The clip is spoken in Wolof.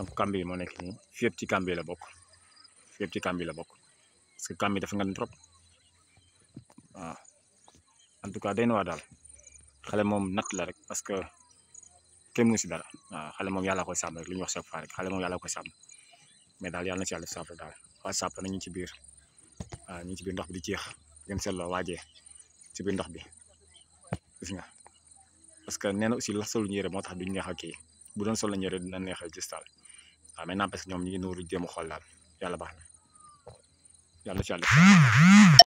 donc kambi mo nek ni fiep ci kambi la bok fiep ci kambi la bok parce que kambi dafa ngeen trop ah en tout cas day na waa daal xale moom la rek parce que kenn mënu ci dara waaw xale moom yàlla koy sàmm rek liñ wax chaque fois rek xalé mom yalla ko sam mais dal yalla na ci yàlla saafara daal waa saafara nañu ci biir ah ñi ci biir ndox bi di jeex sel seetloo waje ci biir ndox bi gis nga parce que nena aussi la solo yére moo duñ neex ak bu doon sol la yére dina neexal ci gis waaw mais n'empêche ñoom ñu ngi nooru jéem a xool daal yàlla baax yàlla si yàlla